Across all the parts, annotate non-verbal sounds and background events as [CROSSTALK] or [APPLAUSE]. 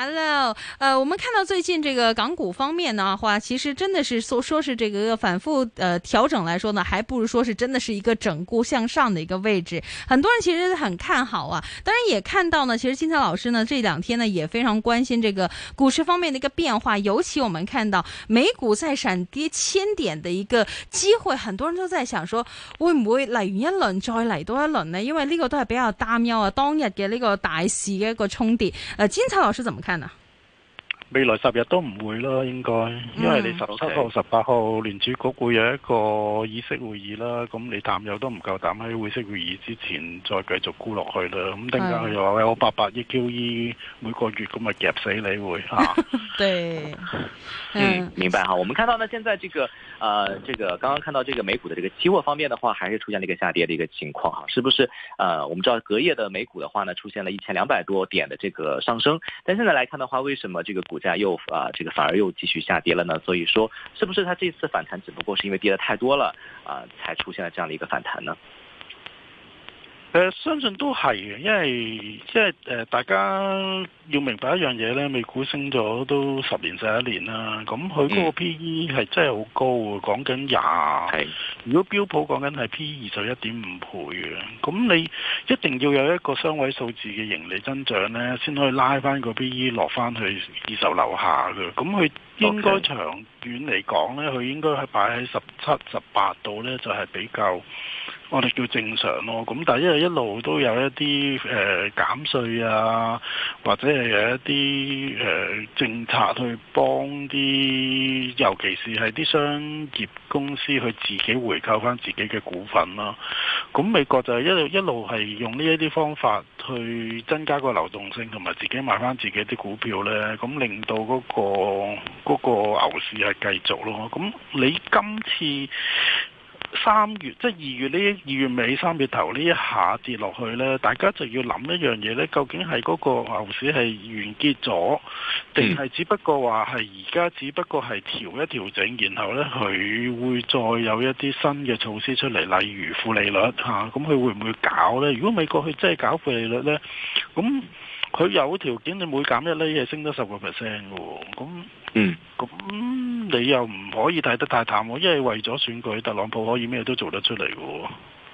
Hello，呃，我們看到最近這個港股方面呢，的話其實真的是說說是這個，個反覆，呃、調整來說呢，還不如說是真的是一個整固向上的一個位置。很多人其實很看好啊，當然也看到呢，其實金策老師呢這兩天呢也非常關心這個股市方面的一個變化，尤其我們看到美股在閃跌千點的一個機會，很多人都在想說，會不會來一輪，再來多一輪呢？嗯、因為呢個都係比較擔憂啊，當日嘅呢個大市嘅一個衝跌。呃，金策老師就唔。看的。未來十日都唔會啦，應該，因為你十七號，號、十八號聯儲局會有一個議息會議啦，咁、嗯、你淡友都唔夠膽喺議息會議之前再繼續沽落去啦，咁等陣間佢又話、mm. 喂，我八百億 QE 每個月咁咪夾死你會嚇？啊、 [LAUGHS] 對， [LAUGHS] 嗯，Yeah. 明白哈。我們看到呢，現在這個，呃，這個剛剛看到這個美股的這個期貨方面的話，還是出現了一個下跌的一個情況哈，是不是？呃，我們知道隔夜的美股的話呢，出現了一千兩百多點的這個上升，但現在來看的話，為什麼這個股？股價又啊、呃，這個反而又繼續下跌了呢。所以說是不是它這次反彈只不過是因為跌的太多了啊、呃，才出現了這樣的一個反彈呢？誒、呃、相信都係嘅，因為即係誒、呃、大家要明白一樣嘢咧，美股升咗都十年十一年啦，咁佢嗰個 P E 係真係好高嘅，講緊廿。係。如果標普講緊係 P E 二十一點五倍嘅，咁你一定要有一個雙位數字嘅盈利增長咧，先可以拉翻個 P E 落翻去二十樓下嘅。咁佢應該長遠嚟講咧，佢 Okay. 應該係擺喺十七、十八度咧，就係、係、比較。我哋叫正常咯，咁但係因為一路都有一啲誒減稅啊，或者係有一啲誒、呃、政策去幫啲，尤其是係啲商業公司去自己回購翻自己嘅股份咯、啊，咁、嗯、美國就一路一路係用呢一啲方法去增加個流動性同埋自己買翻自己啲股票咧，咁、嗯、令到嗰、那個嗰、那個牛市係繼續咯。咁、嗯、你今次？三月即係二月呢？二月尾三月頭呢一下跌落去呢，大家就要諗一樣嘢呢，究竟係嗰個牛市係完結咗，定係只不過話係而家只不過係調一調整，然後呢，佢會再有一啲新嘅措施出嚟，例如負利率嚇，咁、啊、佢會唔會搞呢？如果美國佢真係搞負利率呢？咁。佢有條件，你每減一釐係升得十個 percent 嘅喎，咁，哦，咁，嗯嗯，你又唔可以睇得太淡喎，哦，因為為咗選舉，特朗普可以咩都做得出嚟嘅喎。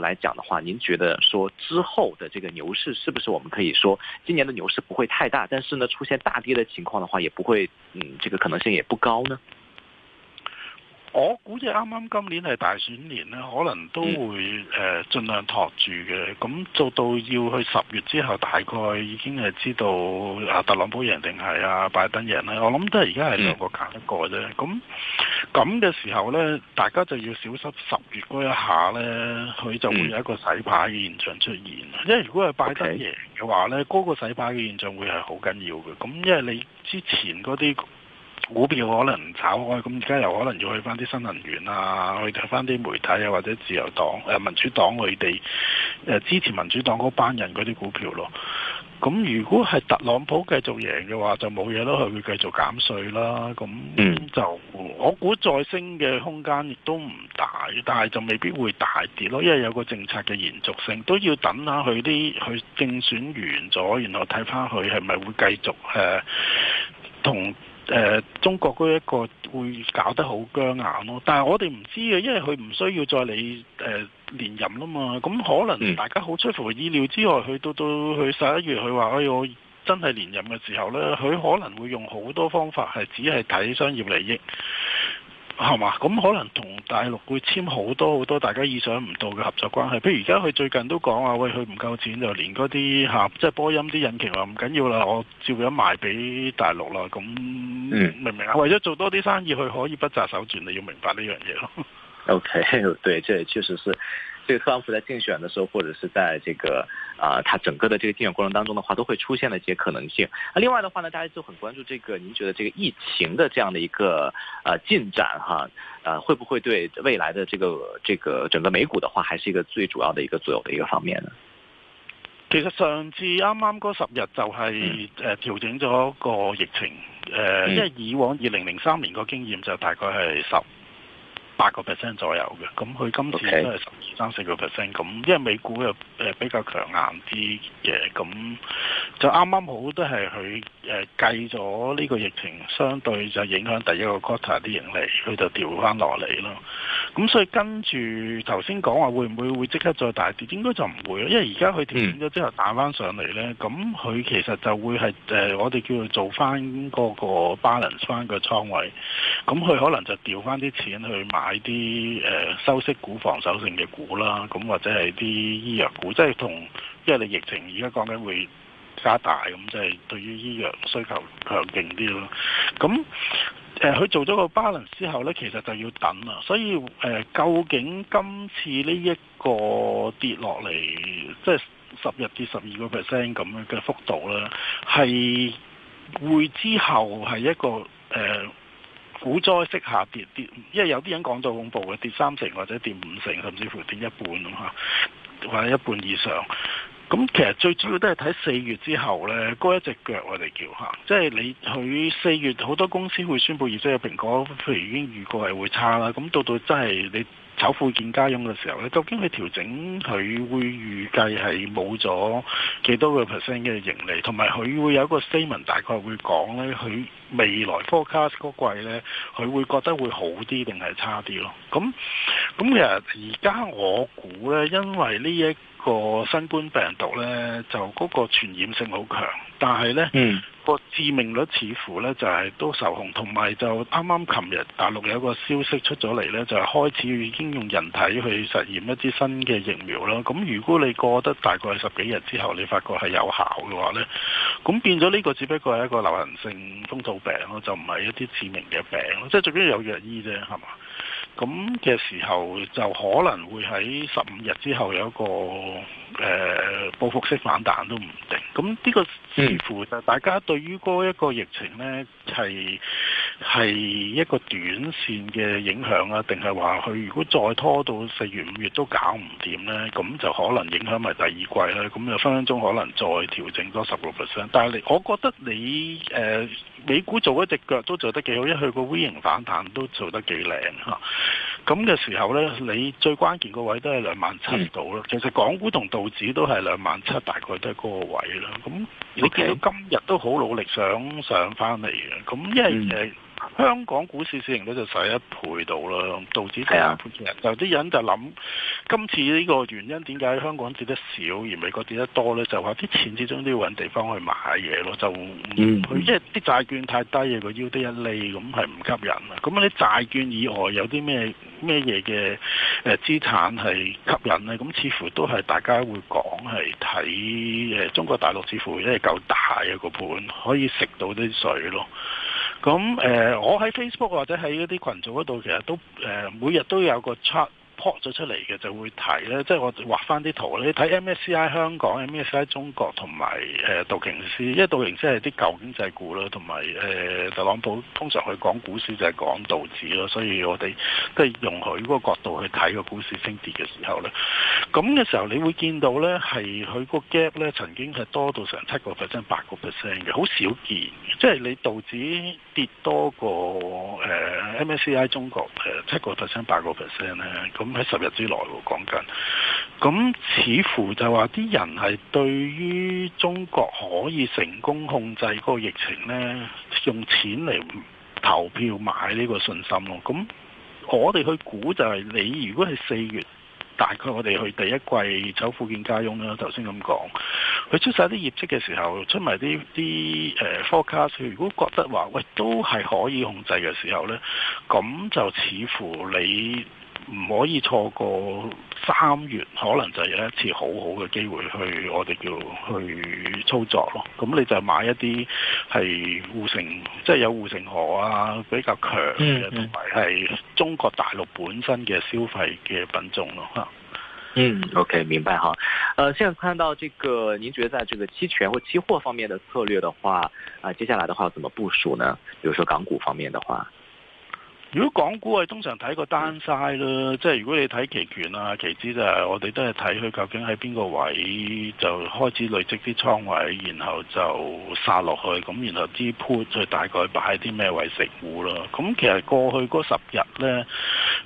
來講的話，您覺得說之後的這個牛市是不是我們可以說今年的牛市不會太大，但是呢，出現大跌的情況的話，也不會，嗯，這個可能性也不高呢？我估計啱啱今年係大選年咧，可能都會誒、呃、盡量托住嘅。咁、嗯、做到要去十月之後，大概已經係知道啊特朗普贏定係啊拜登贏咧。嗯、我諗都係而家係兩個揀一個啫。咁咁嘅時候咧，大家就要小心十月嗰一下咧，佢就會有一個洗牌嘅現象出現。嗯、因為如果係拜登贏嘅話咧，嗰 Okay. 個洗牌嘅現象會係好緊要嘅。咁因為你之前嗰啲股票可能唔炒開，咁而家又可能要去翻啲新能源啊，去睇翻啲媒體啊，或者自由黨、誒、呃、民主黨佢哋誒支持民主黨嗰班人嗰啲股票咯。咁如果係特朗普繼續贏嘅話，就冇嘢咯，佢會繼續減稅啦。咁就我估再升嘅空間亦都唔大，但係就未必會大跌咯，因為有個政策嘅延續性，都要等下佢啲佢競選完咗，然後睇翻佢係咪會繼續誒同。呃誒、呃、中國嗰一個會搞得好僵硬咯，但係我哋唔知啊，因為佢唔需要再理誒、呃、連任啦嘛，咁可能大家好出乎意料之外，去到到去十一月佢話：哎，我真係連任嘅時候呢，佢可能會用好多方法係只係睇商業利益。係嘛？咁可能同大陸會簽好多好多大家意想唔到嘅合作關係。譬如而家佢最近都講話，喂，佢唔夠錢就連嗰啲嚇，即係波音啲引擎話唔緊要啦，我照樣賣俾大陸啦。咁的明唔明啊？為咗做多啲生意，佢可以不擇手段。你要明白呢樣嘢咯。O、okay, K，對，這也確實是，這個特朗普在競選的時候，或者是在這個啊，他、呃、整個的這個競選過程當中的話，都會出現的一些可能性。那另外的話呢，大家就很關注這個，您覺得這個疫情的這樣的一個呃進展哈，呃、啊，會不會對未來的這個這個整個美股的話，還是一個最主要的一個左右的一個方面呢？其實上次啱啱嗰十日就係、是、誒、嗯呃、調整咗個疫情誒，因、呃、為、嗯、以往二零零三年個經驗就大概係十。八個 percent 左右嘅，咁佢今次都係十二三四個 percent，咁因為美股又誒比較強硬啲嘅，咁就啱啱好都係佢誒計咗呢個疫情，相對就影響第一個 quarter 啲盈利，佢就調翻落嚟咯。咁所以跟住頭先講話會唔會會即刻再大跌，應該就唔會，因為而家佢調整咗之後打翻上嚟咧，咁佢、mm. 其實就會係誒、呃、我哋叫做做翻嗰個 balance 翻嘅倉位，咁佢可能就調翻啲錢去買。喺啲誒收息股，股、防守性嘅股啦，咁或者係啲醫藥股，即係同因為你疫情而家講緊會加大咁，即、就、係、是、對於醫藥需求強勁啲咯。咁誒佢做咗個 balance 之後咧，其實就要等啦。所以誒、呃，究竟今次呢一個跌落嚟，即係十日至十二個 percent 咁樣嘅幅度咧，係會之後係一個誒、呃股災式下跌跌，因為有啲人講到恐怖嘅，跌三成或者跌五成，甚至乎跌一半咁嚇，或者一半以上。咁其實最主要都係睇四月之後呢。嗰一隻腳我哋叫嚇，即係你佢四月好多公司會宣布業績，蘋果譬如已經預告係會差啦。咁到到真係你，醜婦見家翁嘅時候咧，究竟佢調整佢會預計係冇咗幾多個 percent 嘅盈利，同埋佢會有一個 statement 大概會講咧，佢未來 forecast 嗰季咧，佢會覺得會好啲定係差啲咯？咁咁其實而家我估咧，因為呢一個新冠病毒咧，就嗰個傳染性好強，但係咧，嗯。個致命率似乎咧就係、係、都受控，同埋就啱啱琴日大陸有一個消息出咗嚟咧，就係、開始已經用人體去實驗一支新嘅疫苗啦。咁如果你過得大概十幾日之後，你發覺係有效嘅話咧，咁變咗呢個只不過係一個流行性風土病咯，就唔係一啲致命嘅病咯，即係最緊要有藥醫啫，係嘛？咁嘅時候就可能會喺十五日之後有一個誒、呃、報復式反彈都唔定。咁呢個似乎就大家對於嗰一個疫情呢，係。係一個短線嘅影響啊，定係話佢如果再拖到四月五月都搞唔掂呢？咁就可能影響埋第二季咧、啊。咁就分分鐘可能再調整多十六 percent。但係你，我覺得你誒美股做一隻腳都做得幾好，因為佢個 V 型反彈都做得幾靚嚇。咁嘅時候呢，你最關鍵個位都係兩萬七度咯。其實港股同道指都係兩萬七，大概都係嗰個位啦。咁你見到今日都好努力想上翻嚟嘅，咁因為誒。嗯香港股市市盈率就使一倍到啦，導致係啊，有啲人就諗，今次呢個原因點解香港跌得少而美國跌得多咧？就話啲錢始終都要揾地方去買嘢咯，就佢即係啲債券太低啊，佢腰得一釐咁，係唔吸引啊。咁啊啲債券以外有啲咩咩嘢嘅誒資產係吸引咧？咁似乎都係大家會講係睇誒中國大陸，似乎因為夠大啊個盤可以食到啲水咯。咁誒、嗯呃，我喺 Facebook 或者喺一啲群組嗰度，其實都誒、呃、每日都有個 check po 咗出嚟嘅就會睇咧，即係我哋畫翻啲圖咧，睇 MSCI 香港、MSCI 中國同埋誒道瓊斯，因為道瓊斯係啲舊經濟股啦，同埋誒特朗普通常佢講股市就係講道指咯，所以我哋都係用佢個角度去睇個股市升跌嘅時候咧，咁嘅時候你會見到咧係佢個 gap 咧曾經係多到成七個 percent、八個 percent 嘅，好少見，即係你道指跌多過誒、呃、MSCI 中國誒七個 percent、八個 percent 咧咁。喺十日之內喎，講緊咁，似乎就話啲人係對於中國可以成功控制嗰個疫情呢，用錢嚟投票買呢個信心咯。咁我哋去估就係你如果係四月。大概我哋去第一季走醜婦見家翁啦，頭先咁講，佢出晒啲業績嘅時候，出埋啲啲誒 forecast，如果覺得話，喂，都係可以控制嘅時候咧，咁就似乎你唔可以錯過三月，可能就有一次好好嘅機會去，我哋叫去操作咯。咁你就買一啲係護城，即係有護城河啊，比較強嘅，同埋係中國大陸本身嘅消費嘅品種咯。嗯，OK，明白哈。呃，現在看到這個，您覺得在這個期權或期貨方面的策略的話，啊、呃，接下來的話要怎麼部署呢？比如說港股方面的話。如果港股，我通常睇個單晒咯，即係如果你睇期權啊、期指啊，我哋都係睇佢究竟喺邊個位就開始累積啲倉位，然後就殺落去，咁然後啲 put 就大概擺啲咩位食糊咯。咁其實過去嗰十日呢，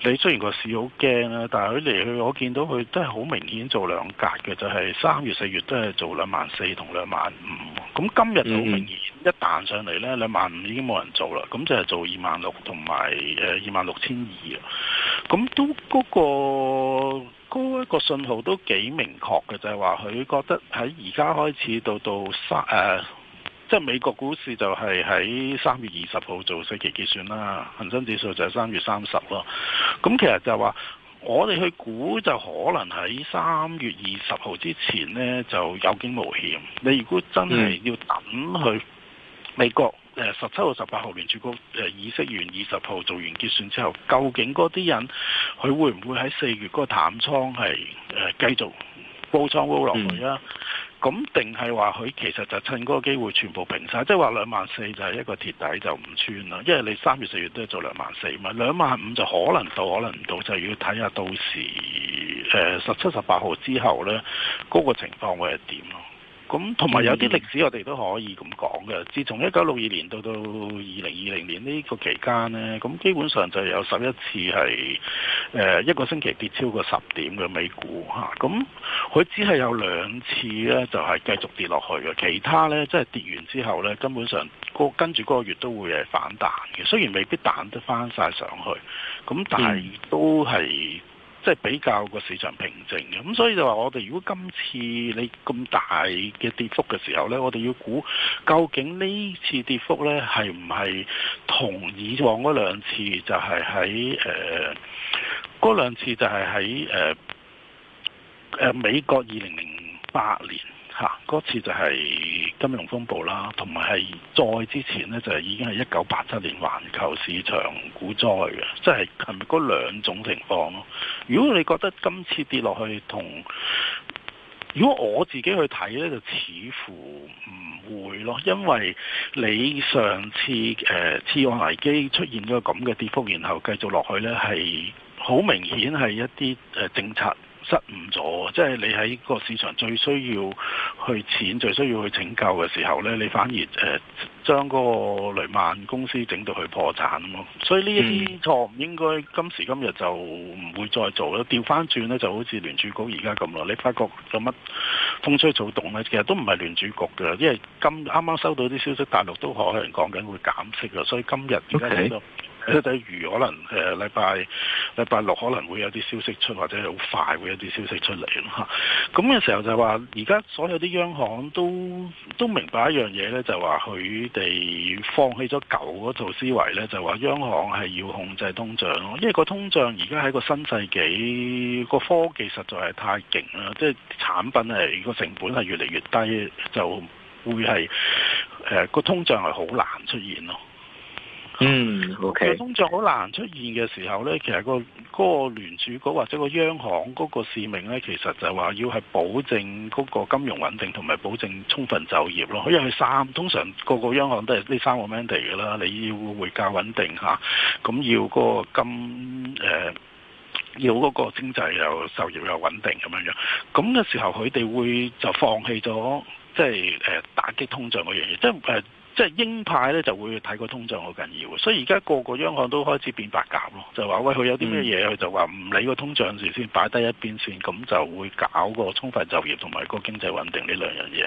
你雖然個市好驚啊，但係佢嚟去我見到佢都係好明顯做兩格嘅，就係、是、三月四月都係做兩萬四同兩萬五。咁今日就好明顯一彈上嚟呢，兩萬五已經冇人做啦，咁就係做二萬六同埋。誒、嗯嗯、二萬六千二啊，咁、嗯、都嗰、那個嗰、那個信號都幾明確嘅，就係話佢覺得喺而家開始到到三誒、啊，即係美國股市就係喺三月二十號做四期結算啦，恒生指數就係三月三十咯。咁其實就係話我哋去估就可能喺三月二十號之前呢就有驚無險。你如果真係要等去美國。誒十七號、十八號聯儲局，誒議息完二十號做完結算之後，究竟嗰啲人佢會唔會喺四月嗰個淡倉係誒、呃、繼續煲倉煲落去啊？咁定係話佢其實就趁嗰個機會全部平晒，即係話兩萬四就係、是、一個鐵底就唔穿啦。因為你三月、四月都係做兩萬四嘛，兩萬五就可能到，可能唔到，就要睇下到時誒十七、十八號之後咧，嗰、那個情況會係點咯？咁同埋有啲歷史，我哋都可以咁講嘅。自從一九六二年到到二零二零年呢個期間呢，咁基本上就有十一次係誒、呃、一個星期跌超過十點嘅美股嚇。咁、啊、佢、嗯嗯、只係有兩次呢，就係、是、繼續跌落去嘅，其他呢，即係跌完之後呢，根本上個跟住嗰個月都會係反彈嘅。雖然未必彈得翻晒上去，咁但係都係。嗯即係比較個市場平靜嘅，咁所以就話我哋如果今次你咁大嘅跌幅嘅時候呢，我哋要估究竟呢次跌幅呢係唔係同以往嗰兩次就係喺誒、嗰兩次就係喺誒美國二零零八年。嚇，嗰、啊、次就係金融風暴啦，同埋係再之前呢，就係已經係一九八七年環球市場股災嘅，即係係咪嗰兩種情況咯？如果你覺得今次跌落去同，如果我自己去睇呢，就似乎唔會咯，因為你上次誒次貸危機出現咗個咁嘅跌幅，然後繼續落去呢，係好明顯係一啲誒、呃、政策。失誤咗，即係你喺個市場最需要去錢、最需要去拯救嘅時候呢，你反而誒、呃、將嗰個雷曼公司整到去破產啊，所以呢啲錯誤應該今時今日就唔會再做啦。調翻轉呢，就好似聯儲局而家咁啦。你發覺有乜風吹草動呢？其實都唔係聯儲局嘅，因為今啱啱收到啲消息，大陸都可能講緊會減息啊，所以今日。例如可能誒、呃、禮拜禮拜六可能會有啲消息出，或者好快會有啲消息出嚟咯。咁嘅時候就話，而家所有啲央行都都明白一樣嘢咧，就話佢哋放棄咗舊嗰套思維咧，就話央行係要控制通脹咯。因為個通脹而家喺個新世紀，個科技實在係太勁啦，即係產品係個成本係越嚟越低，就會係誒個通脹係好難出現咯。嗯、mm,，O、okay. 通脹好難出現嘅時候咧，其實個嗰個聯儲局或者個央行嗰個使命咧，其實就話要係保證嗰個金融穩定同埋保證充分就業咯。因為三通常個個央行都係呢三個 mandate 嘅啦，你要匯價穩定嚇，咁要嗰個金誒、呃，要嗰個經濟又就業又穩定咁樣樣。咁嘅時候佢哋會就放棄咗即係誒打擊通脹嗰樣嘢，即係誒。即係鷹派咧，就會睇個通脹好緊要嘅，所以而家個個央行都開始變白鴿咯，就話喂，佢有啲咩嘢，佢、嗯、就話唔理個通脹事先，擺低一邊先，咁就會搞個充分就業同埋個經濟穩定呢兩樣嘢。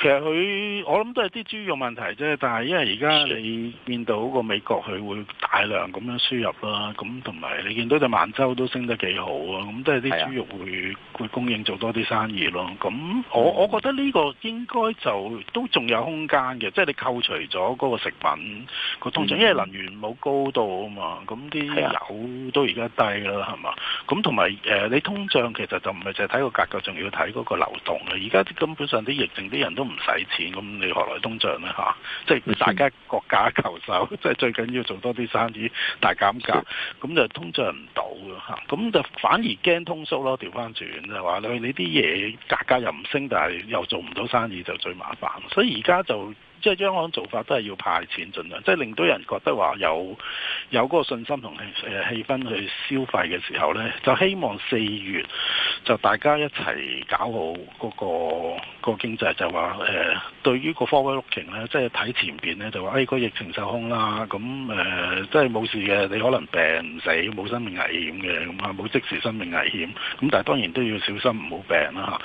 其實佢我諗都係啲豬肉問題啫，但係因為而家你見到個美國佢會大量咁樣輸入啦，咁同埋你見到隻萬洲都升得幾好啊，咁都係啲豬肉會會供應做多啲生意咯。咁我我覺得呢個應該就都仲有空間嘅，即係你扣除咗嗰個食品個通脹，因為能源冇高度啊嘛，咁啲油都而家低啦，係嘛？咁同埋誒你通脹其實就唔係淨係睇個價格，仲要睇嗰個流動嘅。而家根本上啲疫情啲人都唔使錢，咁你何來通脹呢？嚇、啊，即係大家各家求售，即係最緊要做多啲生意，大減價，咁就通脹唔到嘅嚇，咁、啊、就反而驚通縮咯。調翻轉就話你呢啲嘢價格又唔升，但係又做唔到生意就最麻煩，所以而家就。即係央行做法都係要派錢盡量，即係令到人覺得話有有嗰個信心同氣氣氛去消費嘅時候咧，就希望四月就大家一齊搞好嗰、嗰個、嗰個經濟，就話誒、呃、對於個 forward looking 咧，即係睇前邊咧，就話誒個疫情受控啦，咁、嗯、誒、呃、即係冇事嘅，你可能病唔死，冇生命危險嘅，咁啊冇即時生命危險，咁但係當然都要小心唔好病啦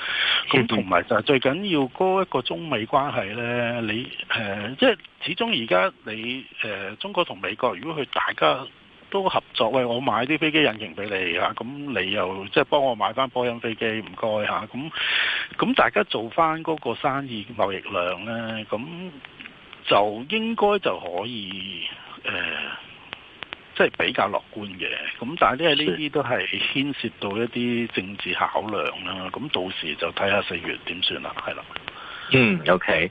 嚇。咁同埋就最緊要嗰一個中美關係咧，你。誒，即係、呃、始終而家你誒、呃，中國同美國如果佢大家都合作，喂，我買啲飛機引擎俾你啊，咁你又即係幫我買翻波音飛機，唔該吓，咁、啊、咁大家做翻嗰個生意貿易量咧，咁、啊、就應該就可以誒、啊，即係比較樂觀嘅。咁、啊、但係呢啲都係牽涉到一啲政治考量啦。咁、啊啊、到時就睇下四月點算啦，係啦。嗯，OK。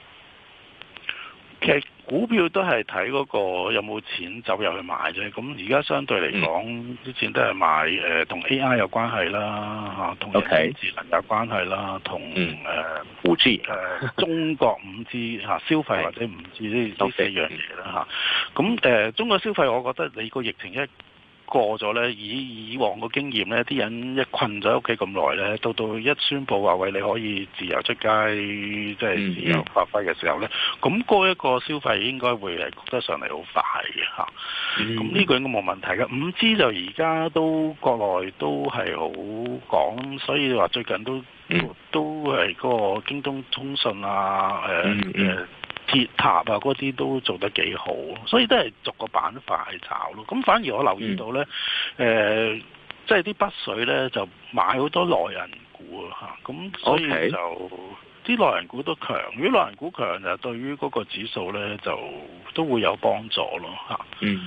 其實股票都係睇嗰個有冇錢走入去買啫。咁而家相對嚟講，啲錢、嗯、都係買誒，同、呃、AI 有關係啦，吓同人工智能有關係啦，同誒誒，中國五 G 吓、啊、消費或者五 G 呢呢是四樣嘢啦吓。咁誒 Okay.、啊呃，中國消費，我覺得你個疫情一過咗咧，以以往嘅經驗咧，啲人一困咗屋企咁耐咧，到到一宣佈話喂，你可以自由出街，即、就、係、是、自由發揮嘅時候咧，咁嗰、嗯、一個消費應該會係急得上嚟好快嘅嚇。咁呢、嗯、個應該冇問題㗎。五 G 就而家都國內都係好講，所以話最近都、嗯、都都係個京東通訊啊，誒誒。鐵塔啊，嗰啲都做得幾好，所以都係逐個板塊去炒咯。咁反而我留意到咧，誒、嗯呃，即係啲北水咧就買好多內銀股啊，嚇。咁所以就啲 Okay. 內銀股都強。如果內銀股強就對於嗰個指數咧就都會有幫助咯，嚇、啊。嗯。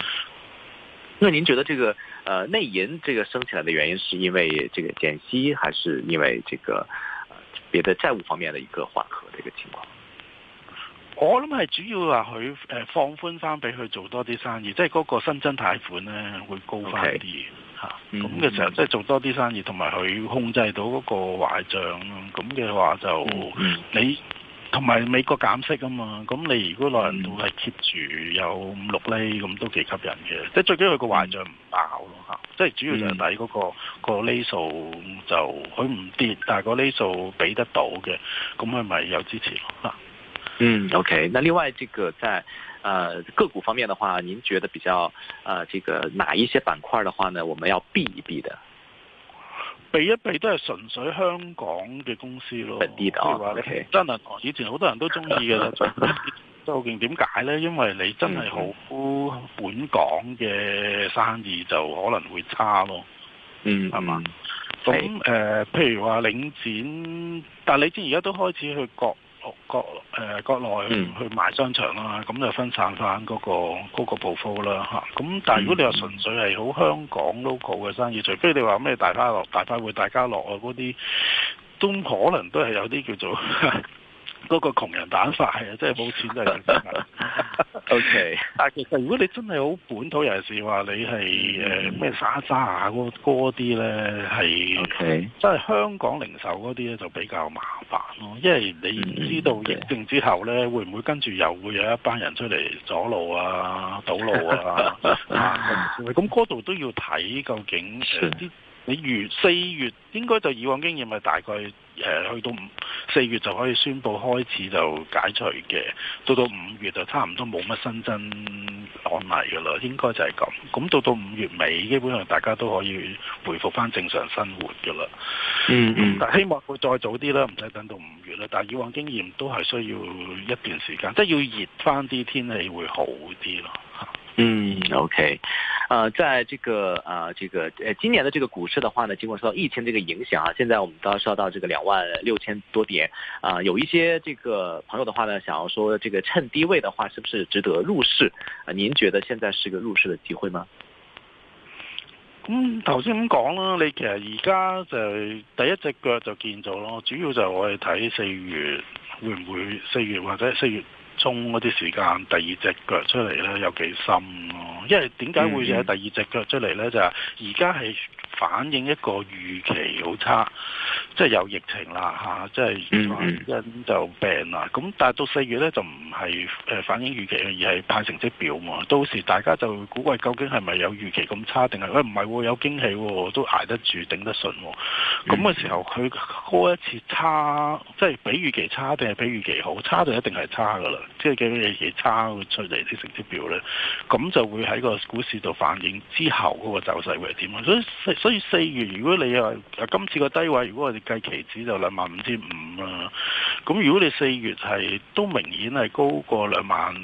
那您覺得這個誒內銀這個升起來的原因，是因為這個減息，還是因為這個呃別的債務方面的一個緩和的一個情況？我諗係主要話佢誒放寬翻俾佢做多啲生意，即係嗰個新增貸款咧會高翻啲吓，咁嘅、okay. mm hmm. 時候即係做多啲生意，同埋佢控制到嗰個壞賬咯。咁嘅話就、mm hmm. 你同埋美國減息啊嘛，咁你如果內地都係 keep 住有五六厘咁，都幾吸引嘅。即係最緊要佢個壞賬唔爆咯吓、啊，即係主要就係睇嗰、嗰個、mm hmm. 個厘數就佢唔跌，但係個厘數俾得到嘅，咁佢咪有支持咯。啊嗯，OK。那另外，這個在，呃，個股方面的話，您覺得比較，呃，這個哪一些板塊的話呢，我們要避一避的？避一避都係純粹香港嘅公司咯，真係、哦、okay. 以前好多人都中意嘅。究竟點解呢？因為你真係好本港嘅生意就可能會差咯。嗯，係嘛吧？咁誒、嗯 okay。呃，譬如話領展，但係你知而家都開始去割。國誒、呃、國內去買、嗯、商場啦，咁就分散翻、那、嗰個嗰、那個暴風啦嚇。咁、啊、但係如果你話純粹係好香港 local 嘅生意，嗯、除非你話咩大家樂、大快活、大家樂啊嗰啲，都可能都係有啲叫做。 [LAUGHS] 嗰個窮人打法係啊，即係冇錢真係咁樣。 [LAUGHS] o Okay . K，但係其實如果你真係好本土人士話你係誒咩沙沙啊嗰啲咧係，O K，即係香港零售嗰啲咧就比較麻煩咯，因為你唔知道疫症之後咧， [LAUGHS] 會唔會跟住又會有一班人出嚟阻路啊、堵路啊？咁嗰度都要睇究竟誒啲。呃你如四月應該就以往經驗咪大概誒、呃、去到五四月就可以宣布開始就解除嘅，到到五月就差唔多冇乜新增案例噶啦，應該就係咁。咁到到五月尾，基本上大家都可以回復翻正常生活噶啦，嗯嗯。嗯嗯，但希望會再早啲啦，唔使等到五月啦。但以往經驗都係需要一段時間，即係要熱翻啲天氣會好啲咯。嗯，OK，呃，在這個呃這個呃今年的這個股市的話呢，經過受到疫情這個影響啊，現在我們都要受到這個兩萬六千多點啊、呃，有一些這個朋友的話呢，想要說這個趁低位的話，是不是值得入市？啊、呃，您覺得現在是個入市的機會嗎？嗯，頭先咁講啦，你其實而家就第一隻腳就見咗咯，主要就係我哋睇四月會唔會四月或者四月。中嗰啲時間，第二隻腳出嚟咧有幾深咯，啊？因為點解會有第二隻腳出嚟咧？就係而家係反映一個預期好差，即係有疫情啦嚇，啊，即係原因就病啦。咁但係到四月咧就唔係誒反映預期而係派成績表喎。到時大家就估計究竟係咪有預期咁差定係誒唔係喎有驚喜喎，啊、都捱得住頂得順喎、啊。咁嘅、嗯、時候佢高一次差，即係比預期差定係比預期好？差就一定係差噶啦。即係嘅嘢差出嚟啲成績表咧，咁就會喺個股市度反映之後嗰個走勢會係點啊？所以所以四月如果你話今次個低位，如果我哋計期指就兩萬五千五啦，咁如果你四月係都明顯係高過兩萬誒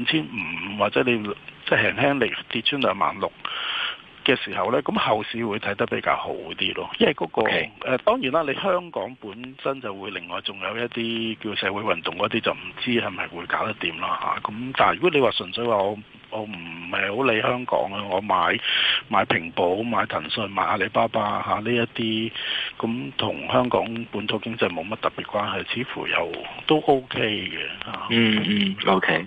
五千五，或者你即係輕輕嚟跌穿兩萬六。嘅時候咧，咁後市會睇得比較好啲咯，因為嗰、那個誒 Okay.、呃、當然啦，你香港本身就會另外仲有一啲叫社會運動嗰啲就唔知係咪會搞得掂啦嚇。咁、啊、但係如果你話純粹話我我唔係好理香港啊，我買買平保、買騰訊、買阿里巴巴嚇呢一啲，咁、啊、同、啊、香港本土經濟冇乜特別關係，似乎又都 OK 嘅嚇。嗯、啊、嗯、mm hmm.，OK。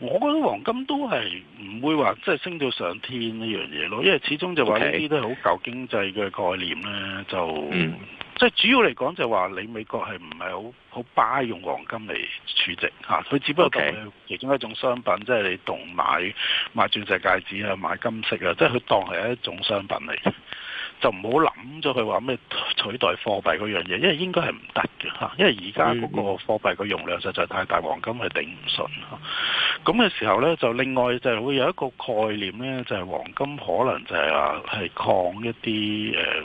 我覺得黃金都係唔會話即係升到上天呢樣嘢咯，因為始終就話呢啲都係好舊經濟嘅概念咧，就、嗯、即係主要嚟講就話你美國係唔係好好巴用黃金嚟儲值嚇，佢、啊、只不過當佢 Okay. 其中一種商品，即係你同買買鑽石戒指啊、買金飾啊，即係佢當係一種商品嚟。就唔好諗咗佢話咩取代貨幣嗰樣嘢，因為應該係唔得嘅嚇。因為而家嗰個貨幣個容量實在太大，黃金係頂唔順。咁嘅時候呢，就另外就係會有一個概念呢，就係、是、黃金可能就係話係抗一啲誒，即、呃、係、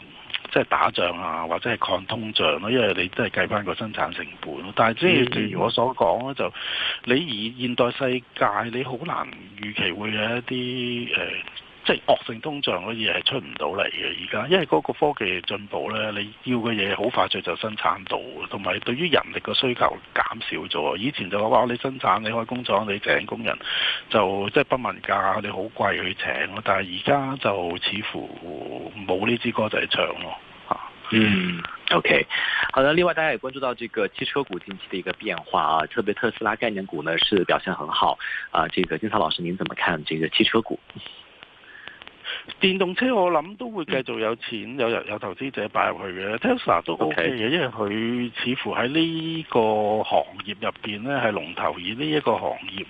就是、打仗啊，或者係抗通脹咯、啊。因為你真係計翻個生產成本。但係即係正如我所講咧，就你以現代世界，你好難預期會有一啲誒。呃即係惡性通脹嗰啲嘢係出唔到嚟嘅，而家，因為嗰個科技嘅進步咧，你要嘅嘢好快脆就生產到，同埋對於人力嘅需求減少咗。以前就話哇，你生產你開工廠，你請工人就即係不問價，你好貴去請咯。但係而家就似乎冇呢支歌仔唱咯嚇。嗯，OK，好啦。另外，大家也關注到這個汽車股近期的一個變化啊，特別特斯拉概念股呢是表現很好啊、呃。這個金曹老師，您怎麼看這個汽車股？電動車我諗都會繼續有錢有有投資者擺入去嘅，Tesla 都 OK 嘅，因為佢似乎喺呢個行業入邊呢係龍頭，以呢一個行業，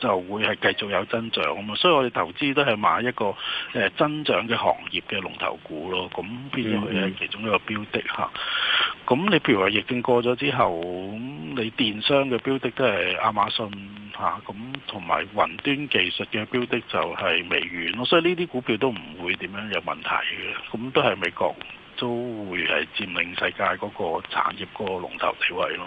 就會係繼續有增長咁啊，所以我哋投資都係買一個誒增長嘅行業嘅龍頭股咯。咁變咗佢係其中一個標的嚇。咁你譬如話疫症過咗之後，咁你電商嘅標的都係亞馬遜嚇，咁同埋雲端技術嘅標的就係微軟咯。所以呢啲股票都唔會點樣有問題嘅。咁都係美國都會係佔領世界嗰個產業嗰個龍頭地位咯。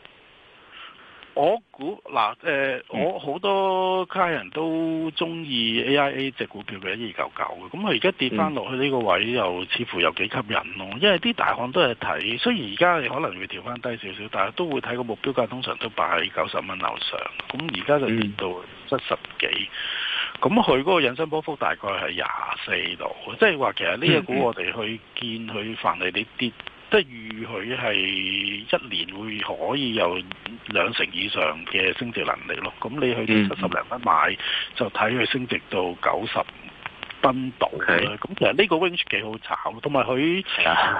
我估嗱，誒，呃嗯、我好多客人都中意 AIA 隻股票嘅一二九九嘅，咁佢而家跌翻落去呢個位又似乎又幾吸引咯，因為啲大行都係睇，雖然而家可能會調翻低少少，但係都會睇個目標價通常都擺喺九十蚊樓上，咁而家就跌到七十幾，咁佢嗰個引伸波幅大概係廿四度，即係話其實呢一股我哋去見佢凡係啲跌。即係預佢係一年會可以有兩成以上嘅升值能力咯，咁你去到七十零蚊買，就睇佢升值到九十。崩倒咁其實呢個 wind 幾好慘，同埋佢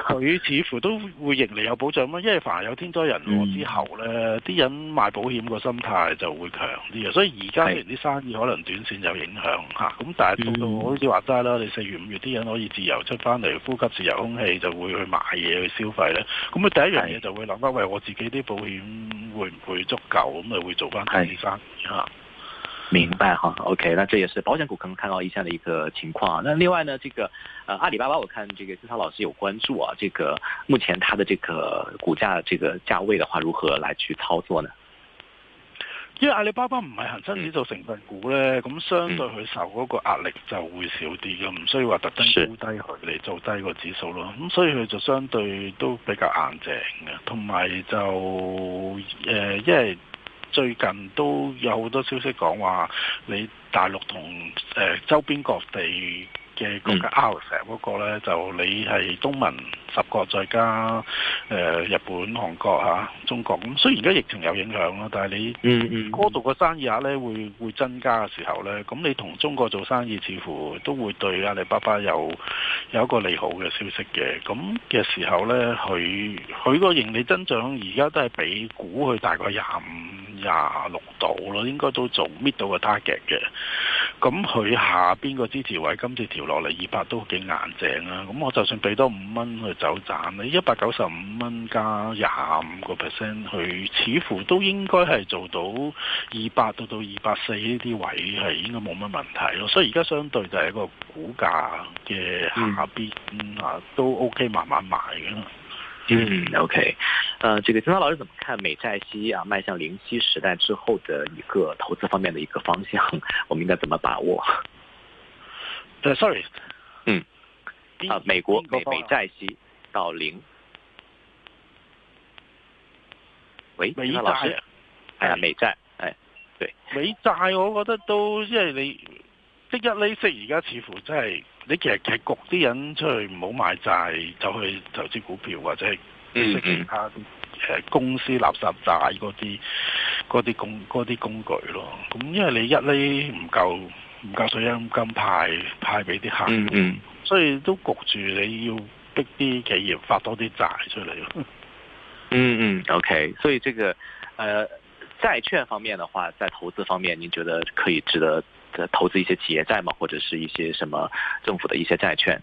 佢似乎都會盈利有保障啦。因為凡係有天災人禍之後呢，啲人買保險個心態就會強啲嘅。所以而家啲生意可能短線有影響嚇。咁但係到到好似話齋啦，你四月五月啲人可以自由出翻嚟呼吸自由空氣，就會去買嘢去消費咧。咁佢第一樣嘢就會諗翻，喂、哎、我自己啲保險會唔會足夠？咁咪會做翻第二生意。明白哈，OK，那這也是保險股可能看到以下的一個情況。那另外呢，這個，呃，阿里巴巴，我看這個志超老師有關注啊，這個目前它的這個股價這個價位的話，如何來去操作呢？因為阿里巴巴唔係恒生指數成分股咧，咁、嗯、相對佢受嗰個壓力就會少啲咁，唔、嗯、需要話特登沽低佢嚟做低個指數咯。咁是、嗯、所以佢就相對都比較硬淨嘅，同埋就，誒、呃，因為。最近都有好多消息講話，你大陸同誒周邊各地，嘅國家 outs 嗰個咧，就你係東盟十國再加誒、呃、日本、韓國嚇、中國咁。雖然而家疫情有影響啦，但係你嗰、嗯嗯、度嘅生意額咧會會增加嘅時候咧，咁你同中國做生意似乎都會對阿里巴巴有有一個利好嘅消息嘅。咁嘅時候咧，佢佢個盈利增長而家都係比估佢大概廿五、廿六度咯，應該都做 meet 到個 target 嘅。咁佢下邊個支持位今次調落嚟二百都幾硬淨啦，咁我就算俾多五蚊去走盞咧，一百九十五蚊加廿五個 percent 去，似乎都應該係做到二百到到二百四呢啲位係應該冇乜問題咯。所以而家相對就係一個股價嘅下邊、嗯、啊，都 OK 慢慢買嘅。嗯，OK，呃，這個金濤老師怎麼看美債息啊，邁向零息時代之後的一個投資方面的一個方向，我們應該怎麼把握？誒，Sorry，嗯，哪啊，美國美美債息到零，喂，金濤債老師，係啊，的美債係、哎，對，美債我覺得都即係你的一厘息而家似乎真係。你其實其實焗啲人出去唔好買債，就去投資股票或者係其他誒公司垃圾債嗰啲啲工啲工具咯。咁因為你一呢唔夠唔夠水湧金派派俾啲客，嗯嗯，所以都焗住你要逼啲企業發多啲債出嚟咯。嗯嗯，OK。所以這個誒債券方面的話，在投資方面，你覺得可以值得？投資一些企業債嘛，或者是一些什麼政府的一些債券。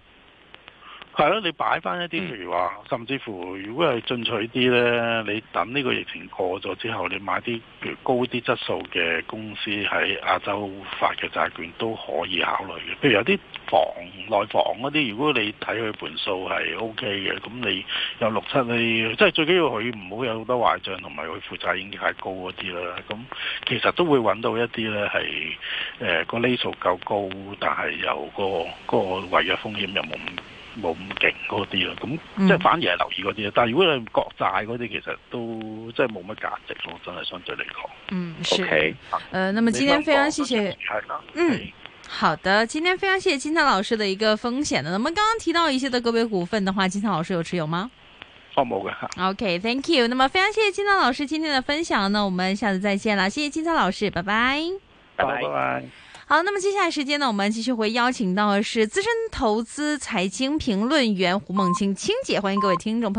係咯，你擺翻一啲譬如話，嗯、甚至乎如果係進取啲咧，你等呢個疫情過咗之後，你買啲高啲質素嘅公司喺亞洲發嘅債券都可以考慮嘅。譬如有啲房內房嗰啲，如果你睇佢盤數係 OK 嘅，咁你有六七啲，即係最緊要佢唔好有好多壞帳同埋佢負債已該係高嗰啲啦。咁其實都會揾到一啲咧係誒個利數夠高，但係又、嗰個、嗰個違約風險又冇咁冇咁勁嗰啲咯，咁即係反而係留意嗰啲啦。嗯、但係如果你國債嗰啲，其實都即係冇乜價值咯，真係相對嚟講。嗯是，OK，誒、呃，那麼今天非常謝謝，那個啊 okay? 嗯，好的，今天非常謝謝金曹老師的一個風險的。那麼剛剛提到一些的個別股份的話，金曹老師有持有嗎？哦，冇嘅。OK，Thank、okay, you。那麼非常謝謝金曹老師今天的分享呢，呢我們下次再見啦，謝謝金曹老師，拜拜。拜拜。Bye bye. Bye bye. 好，那麼接下來時間呢，我們繼續會邀請到的是資深投資財經評論員胡夢清，清姐，歡迎各位聽眾朋友。